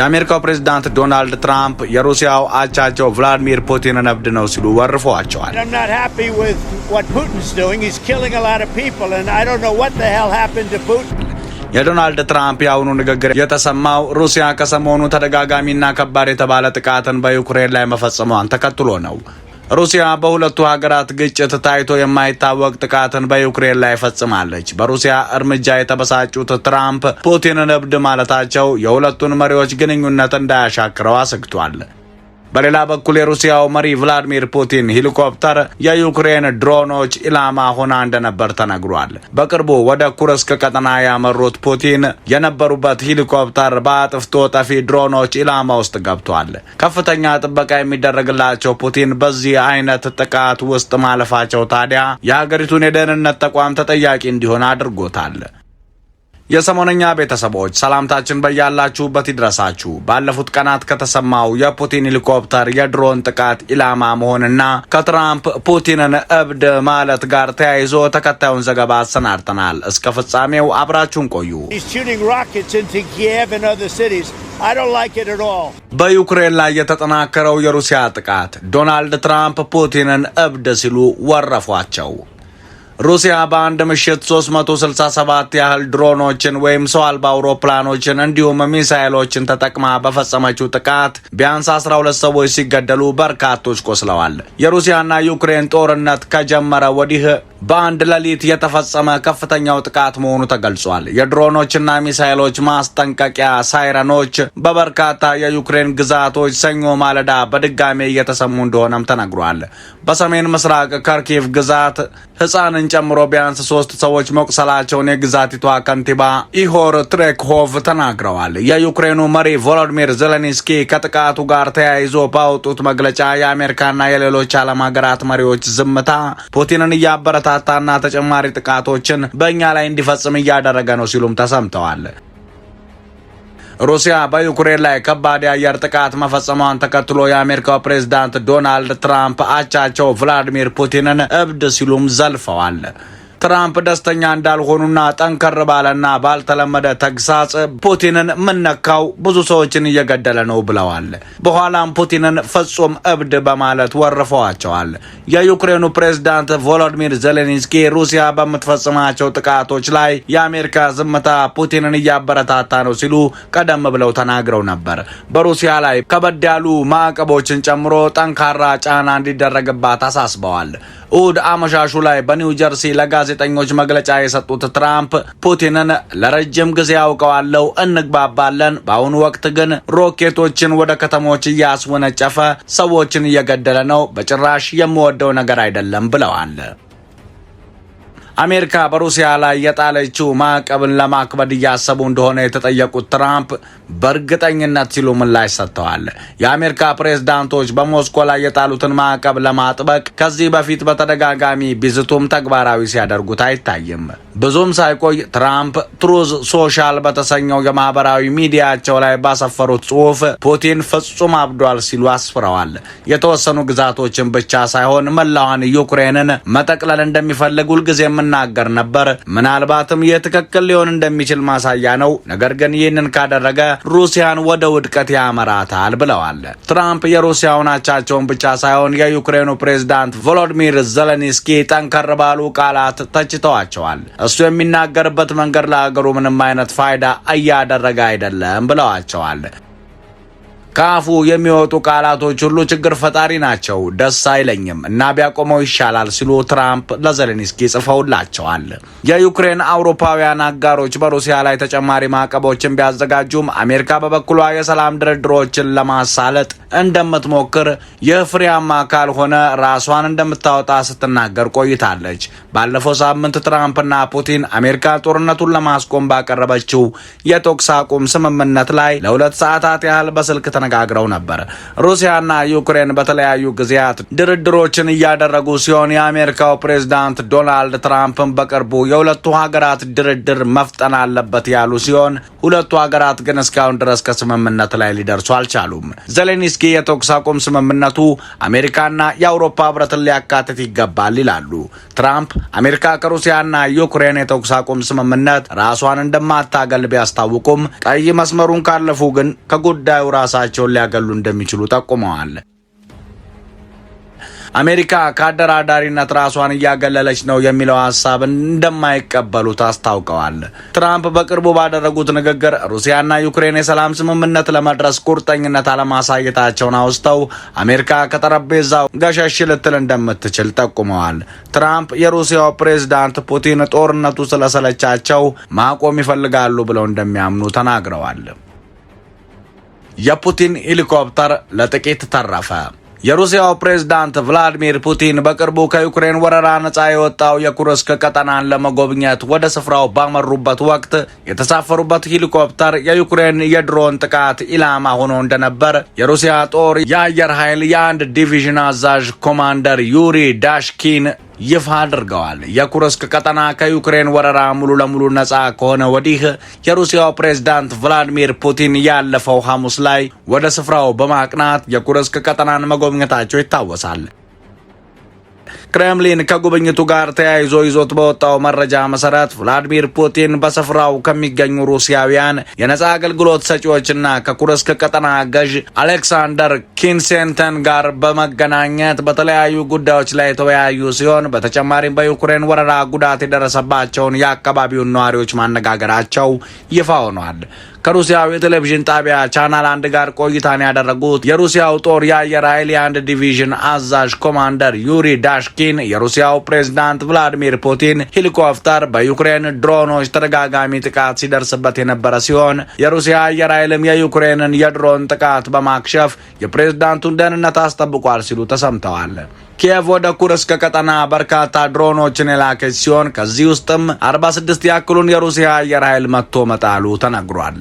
የአሜሪካው ፕሬዝዳንት ዶናልድ ትራምፕ የሩሲያው አቻቸው ቭላዲሚር ፑቲንን እብድ ነው ሲሉ ወርፈዋቸዋል። የዶናልድ ትራምፕ የአሁኑ ንግግር የተሰማው ሩሲያ ከሰሞኑ ተደጋጋሚና ከባድ የተባለ ጥቃትን በዩክሬን ላይ መፈጸሟን ተከትሎ ነው። ሩሲያ በሁለቱ ሀገራት ግጭት ታይቶ የማይታወቅ ጥቃትን በዩክሬን ላይ ፈጽማለች። በሩሲያ እርምጃ የተበሳጩት ትራምፕ ፑቲንን እብድ ማለታቸው የሁለቱን መሪዎች ግንኙነት እንዳያሻክረው አስግቷል። በሌላ በኩል የሩሲያው መሪ ቭላዲሚር ፑቲን ሄሊኮፕተር የዩክሬን ድሮኖች ኢላማ ሆና እንደነበር ተነግሯል። በቅርቡ ወደ ኩርስክ ቀጠና ያመሩት ፑቲን የነበሩበት ሄሊኮፕተር በአጥፍቶ ጠፊ ድሮኖች ኢላማ ውስጥ ገብቷል። ከፍተኛ ጥበቃ የሚደረግላቸው ፑቲን በዚህ አይነት ጥቃት ውስጥ ማለፋቸው ታዲያ የሀገሪቱን የደህንነት ተቋም ተጠያቂ እንዲሆን አድርጎታል። የሰሞነኛ ቤተሰቦች ሰላምታችን በያላችሁበት ይድረሳችሁ። ባለፉት ቀናት ከተሰማው የፑቲን ሄሊኮፕተር የድሮን ጥቃት ኢላማ መሆንና ከትራምፕ ፑቲንን እብድ ማለት ጋር ተያይዞ ተከታዩን ዘገባ አሰናድተናል። እስከ ፍጻሜው አብራችሁን ቆዩ። በዩክሬን ላይ የተጠናከረው የሩሲያ ጥቃት ዶናልድ ትራምፕ ፑቲንን እብድ ሲሉ ወረፏቸው። ሩሲያ በአንድ ምሽት 367 ያህል ድሮኖችን ወይም ሰው አልባ አውሮፕላኖችን እንዲሁም ሚሳይሎችን ተጠቅማ በፈጸመችው ጥቃት ቢያንስ 12 ሰዎች ሲገደሉ በርካቶች ቆስለዋል። የሩሲያና ዩክሬን ጦርነት ከጀመረ ወዲህ በአንድ ሌሊት የተፈጸመ ከፍተኛው ጥቃት መሆኑ ተገልጿል። የድሮኖችና ሚሳይሎች ማስጠንቀቂያ ሳይረኖች በበርካታ የዩክሬን ግዛቶች ሰኞ ማለዳ በድጋሜ እየተሰሙ እንደሆነም ተነግሯል። በሰሜን ምስራቅ ከርኪቭ ግዛት ሕፃንን ጨምሮ ቢያንስ ሶስት ሰዎች መቁሰላቸውን የግዛቲቷ ከንቲባ ኢሆር ትሬክሆቭ ተናግረዋል። የዩክሬኑ መሪ ቮሎዲሚር ዜሌንስኪ ከጥቃቱ ጋር ተያይዞ ባወጡት መግለጫ የአሜሪካና የሌሎች ዓለም ሀገራት መሪዎች ዝምታ ፑቲንን እያበረታ በርካታና ተጨማሪ ጥቃቶችን በእኛ ላይ እንዲፈጽም እያደረገ ነው ሲሉም ተሰምተዋል። ሩሲያ በዩክሬን ላይ ከባድ የአየር ጥቃት መፈጸሟን ተከትሎ የአሜሪካው ፕሬዝዳንት ዶናልድ ትራምፕ አቻቸው ቭላዲሚር ፑቲንን እብድ ሲሉም ዘልፈዋል። ትራምፕ ደስተኛ እንዳልሆኑና ጠንከር ባለና ባልተለመደ ተግሳጽ ፑቲንን ምነካው ብዙ ሰዎችን እየገደለ ነው ብለዋል። በኋላም ፑቲንን ፍጹም እብድ በማለት ወርፈዋቸዋል። የዩክሬኑ ፕሬዝዳንት ቮሎዲሚር ዜሌንስኪ ሩሲያ በምትፈጽማቸው ጥቃቶች ላይ የአሜሪካ ዝምታ ፑቲንን እያበረታታ ነው ሲሉ ቀደም ብለው ተናግረው ነበር። በሩሲያ ላይ ከበድ ያሉ ማዕቀቦችን ጨምሮ ጠንካራ ጫና እንዲደረግባት አሳስበዋል። እሁድ አመሻሹ ላይ በኒው ጀርሲ ለጋዜ ለጋዜጠኞች መግለጫ የሰጡት ትራምፕ ፑቲንን ለረጅም ጊዜ አውቀዋለሁ፣ እንግባባለን። በአሁኑ ወቅት ግን ሮኬቶችን ወደ ከተሞች እያስወነጨፈ ሰዎችን እየገደለ ነው። በጭራሽ የምወደው ነገር አይደለም ብለዋል። አሜሪካ በሩሲያ ላይ የጣለችው ማዕቀብን ለማክበድ እያሰቡ እንደሆነ የተጠየቁት ትራምፕ በእርግጠኝነት ሲሉ ምላሽ ሰጥተዋል። የአሜሪካ ፕሬዝዳንቶች በሞስኮ ላይ የጣሉትን ማዕቀብ ለማጥበቅ ከዚህ በፊት በተደጋጋሚ ቢዝቱም ተግባራዊ ሲያደርጉት አይታይም። ብዙም ሳይቆይ ትራምፕ ትሩዝ ሶሻል በተሰኘው የማህበራዊ ሚዲያቸው ላይ ባሰፈሩት ጽሑፍ ፑቲን ፍጹም አብዷል ሲሉ አስፍረዋል። የተወሰኑ ግዛቶችን ብቻ ሳይሆን መላዋን ዩክሬንን መጠቅለል እንደሚፈልግ ሁልጊዜ ሲናገር ነበር። ምናልባትም ይህ ትክክል ሊሆን እንደሚችል ማሳያ ነው። ነገር ግን ይህንን ካደረገ ሩሲያን ወደ ውድቀት ያመራታል ብለዋል። ትራምፕ የሩሲያውን አቻቸውን ብቻ ሳይሆን የዩክሬኑ ፕሬዝዳንት ቮሎዲሚር ዘለንስኪ ጠንከር ባሉ ቃላት ተችተዋቸዋል። እሱ የሚናገርበት መንገድ ለሀገሩ ምንም አይነት ፋይዳ እያደረገ አይደለም ብለዋቸዋል። ከአፉ የሚወጡ ቃላቶች ሁሉ ችግር ፈጣሪ ናቸው፣ ደስ አይለኝም እና ቢያቆመው ይሻላል ሲሉ ትራምፕ ለዘሌንስኪ ጽፈውላቸዋል። የዩክሬን አውሮፓውያን አጋሮች በሩሲያ ላይ ተጨማሪ ማዕቀቦችን ቢያዘጋጁም አሜሪካ በበኩሏ የሰላም ድርድሮችን ለማሳለጥ እንደምትሞክር ይህ ፍሬያማ ካልሆነ ራሷን እንደምታወጣ ስትናገር ቆይታለች። ባለፈው ሳምንት ትራምፕና ፑቲን አሜሪካ ጦርነቱን ለማስቆም ባቀረበችው የተኩስ አቁም ስምምነት ላይ ለሁለት ሰዓታት ያህል በስልክ ተነ ተነጋግረው ነበር። ሩሲያና ዩክሬን በተለያዩ ጊዜያት ድርድሮችን እያደረጉ ሲሆን የአሜሪካው ፕሬዝዳንት ዶናልድ ትራምፕን በቅርቡ የሁለቱ ሀገራት ድርድር መፍጠን አለበት ያሉ ሲሆን ሁለቱ ሀገራት ግን እስካሁን ድረስ ከስምምነት ላይ ሊደርሱ አልቻሉም። ዘሌንስኪ የተኩስ አቁም ስምምነቱ አሜሪካና የአውሮፓ ህብረትን ሊያካትት ይገባል ይላሉ። ትራምፕ አሜሪካ ከሩሲያና ዩክሬን የተኩስ አቁም ስምምነት ራሷን እንደማታገል ቢያስታውቁም ቀይ መስመሩን ካለፉ ግን ከጉዳዩ ራሳቸው ራሳቸውን ሊያገሉ እንደሚችሉ ጠቁመዋል። አሜሪካ ከአደራዳሪነት ራሷን እያገለለች ነው የሚለው ሀሳብ እንደማይቀበሉት አስታውቀዋል። ትራምፕ በቅርቡ ባደረጉት ንግግር ሩሲያና ዩክሬን የሰላም ስምምነት ለመድረስ ቁርጠኝነት አለማሳየታቸውን አውስተው አሜሪካ ከጠረጴዛው ገሸሽ ልትል እንደምትችል ጠቁመዋል። ትራምፕ የሩሲያው ፕሬዝዳንት ፑቲን ጦርነቱ ስለሰለቻቸው ማቆም ይፈልጋሉ ብለው እንደሚያምኑ ተናግረዋል። የፑቲን ሄሊኮፕተር ለጥቂት ተረፈ። የሩሲያው ፕሬዝዳንት ቭላዲሚር ፑቲን በቅርቡ ከዩክሬን ወረራ ነፃ የወጣው የኩርስክ ቀጠናን ለመጎብኘት ወደ ስፍራው ባመሩበት ወቅት የተሳፈሩበት ሄሊኮፕተር የዩክሬን የድሮን ጥቃት ኢላማ ሆኖ እንደነበር የሩሲያ ጦር የአየር ኃይል የአንድ ዲቪዥን አዛዥ ኮማንደር ዩሪ ዳሽኪን ይፋ አድርገዋል። የኩርስክ ቀጠና ከዩክሬን ወረራ ሙሉ ለሙሉ ነጻ ከሆነ ወዲህ የሩሲያው ፕሬዝዳንት ቭላዲሚር ፑቲን ያለፈው ሐሙስ ላይ ወደ ስፍራው በማቅናት የኩርስክ ቀጠናን መጎብኘታቸው ይታወሳል። ክሬምሊን ከጉብኝቱ ጋር ተያይዞ ይዞት በወጣው መረጃ መሰረት ቭላዲሚር ፑቲን በስፍራው ከሚገኙ ሩሲያውያን የነጻ አገልግሎት ሰጪዎችና ከኩርስክ ቀጠና ገዥ አሌክሳንደር ኪንሴንተን ጋር በመገናኘት በተለያዩ ጉዳዮች ላይ የተወያዩ ሲሆን በተጨማሪም በዩክሬን ወረራ ጉዳት የደረሰባቸውን የአካባቢውን ነዋሪዎች ማነጋገራቸው ይፋ ሆኗል። ከሩሲያው የቴሌቪዥን ጣቢያ ቻናል አንድ ጋር ቆይታን ያደረጉት የሩሲያው ጦር የአየር ኃይል የአንድ ዲቪዥን አዛዥ ኮማንደር ዩሪ ዳሽኪ ዘለንስኪን የሩሲያው ፕሬዝዳንት ቭላዲሚር ፑቲን ሄሊኮፕተር በዩክሬን ድሮኖች ተደጋጋሚ ጥቃት ሲደርስበት የነበረ ሲሆን የሩሲያ አየር ኃይልም የዩክሬንን የድሮን ጥቃት በማክሸፍ የፕሬዝዳንቱን ደህንነት አስጠብቋል ሲሉ ተሰምተዋል። ኪየቭ ወደ ኩርስክ ቀጠና በርካታ ድሮኖችን የላከች ሲሆን ከዚህ ውስጥም 46 ያክሉን የሩሲያ አየር ኃይል መጥቶ መጣሉ ተነግሯል።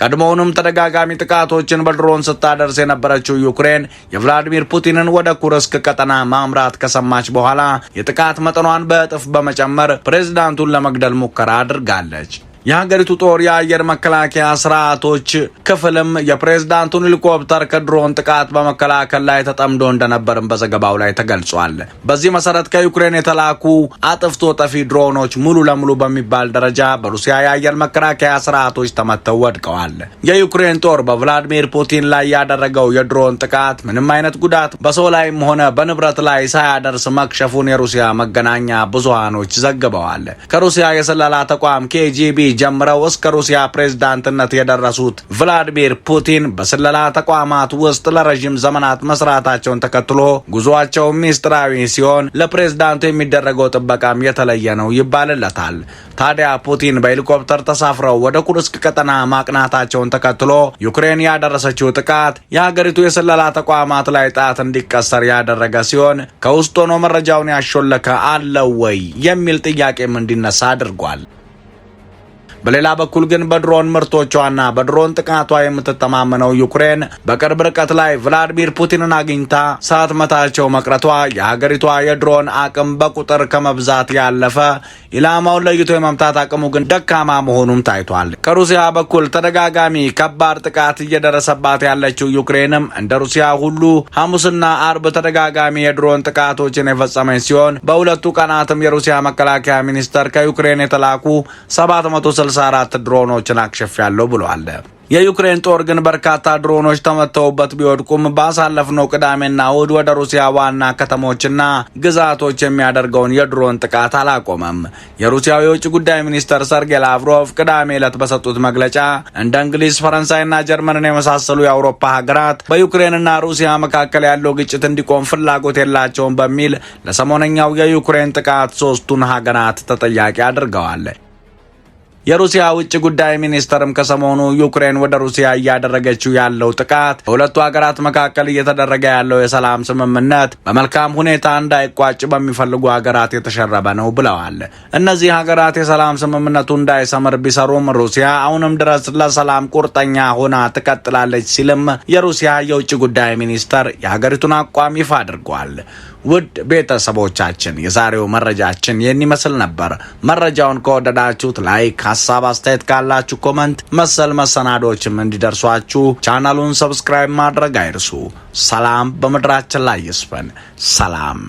ቀድሞውንም ተደጋጋሚ ጥቃቶችን በድሮን ስታደርስ የነበረችው ዩክሬን የቭላዲሚር ፑቲንን ወደ ኩርስክ ቀጠና ማምራት ከሰማች በኋላ የጥቃት መጠኗን በእጥፍ በመጨመር ፕሬዝዳንቱን ለመግደል ሙከራ አድርጋለች። የሀገሪቱ ጦር የአየር መከላከያ ስርዓቶች ክፍልም የፕሬዝዳንቱን ሄሊኮፕተር ከድሮን ጥቃት በመከላከል ላይ ተጠምዶ እንደነበርም በዘገባው ላይ ተገልጿል። በዚህ መሰረት ከዩክሬን የተላኩ አጥፍቶ ጠፊ ድሮኖች ሙሉ ለሙሉ በሚባል ደረጃ በሩሲያ የአየር መከላከያ ስርዓቶች ተመተው ወድቀዋል። የዩክሬን ጦር በቭላዲሚር ፑቲን ላይ ያደረገው የድሮን ጥቃት ምንም አይነት ጉዳት በሰው ላይም ሆነ በንብረት ላይ ሳያደርስ መክሸፉን የሩሲያ መገናኛ ብዙሃኖች ዘግበዋል። ከሩሲያ የስለላ ተቋም ኬጂቢ ጀምረው እስከ ሩሲያ ፕሬዝዳንትነት የደረሱት ቭላዲሚር ፑቲን በስለላ ተቋማት ውስጥ ለረዥም ዘመናት መስራታቸውን ተከትሎ ጉዞአቸው ሚስጥራዊ ሲሆን ለፕሬዝዳንቱ የሚደረገው ጥበቃም የተለየ ነው ይባልለታል። ታዲያ ፑቲን በሄሊኮፕተር ተሳፍረው ወደ ኩርስክ ቀጠና ማቅናታቸውን ተከትሎ ዩክሬን ያደረሰችው ጥቃት የሀገሪቱ የስለላ ተቋማት ላይ ጣት እንዲቀሰር ያደረገ ሲሆን ከውስጥ ሆኖ መረጃውን ያሾለከ አለው ወይ የሚል ጥያቄም እንዲነሳ አድርጓል። በሌላ በኩል ግን በድሮን ምርቶቿና በድሮን ጥቃቷ የምትተማመነው ዩክሬን በቅርብ ርቀት ላይ ቭላዲሚር ፑቲንን አግኝታ ሳትመታቸው መቅረቷ የሀገሪቷ የድሮን አቅም በቁጥር ከመብዛት ያለፈ ኢላማውን ለይቶ የመምታት አቅሙ ግን ደካማ መሆኑም ታይቷል። ከሩሲያ በኩል ተደጋጋሚ ከባድ ጥቃት እየደረሰባት ያለችው ዩክሬንም እንደ ሩሲያ ሁሉ ሐሙስና አርብ ተደጋጋሚ የድሮን ጥቃቶችን የፈጸመች ሲሆን በሁለቱ ቀናትም የሩሲያ መከላከያ ሚኒስቴር ከዩክሬን የተላኩ 760 64 ድሮኖችን አክሸፊያለሁ ብሏል። የዩክሬን ጦር ግን በርካታ ድሮኖች ተመተውበት ቢወድቁም ባሳለፍነው ቅዳሜና እሁድ ወደ ሩሲያ ዋና ከተሞችና ግዛቶች የሚያደርገውን የድሮን ጥቃት አላቆመም። የሩሲያው የውጭ ጉዳይ ሚኒስትር ሰርጌይ ላቭሮቭ ቅዳሜ ዕለት በሰጡት መግለጫ እንደ እንግሊዝ፣ ፈረንሳይና ጀርመንን የመሳሰሉ የአውሮፓ ሀገራት በዩክሬንና ሩሲያ መካከል ያለው ግጭት እንዲቆም ፍላጎት የላቸውም በሚል ለሰሞነኛው የዩክሬን ጥቃት ሶስቱን ሀገራት ተጠያቂ አድርገዋል። የሩሲያ ውጭ ጉዳይ ሚኒስተርም ከሰሞኑ ዩክሬን ወደ ሩሲያ እያደረገችው ያለው ጥቃት በሁለቱ ሀገራት መካከል እየተደረገ ያለው የሰላም ስምምነት በመልካም ሁኔታ እንዳይቋጭ በሚፈልጉ ሀገራት የተሸረበ ነው ብለዋል። እነዚህ ሀገራት የሰላም ስምምነቱ እንዳይሰምር ቢሰሩም ሩሲያ አሁንም ድረስ ለሰላም ቁርጠኛ ሆና ትቀጥላለች ሲልም የሩሲያ የውጭ ጉዳይ ሚኒስተር የሀገሪቱን አቋም ይፋ አድርጓል። ውድ ቤተሰቦቻችን የዛሬው መረጃችን ይህን ይመስል ነበር። መረጃውን ከወደዳችሁት ላይክ፣ ሀሳብ አስተያየት ካላችሁ ኮመንት፣ መሰል መሰናዶችም እንዲደርሷችሁ ቻናሉን ሰብስክራይብ ማድረግ አይርሱ። ሰላም በምድራችን ላይ ይስፈን። ሰላም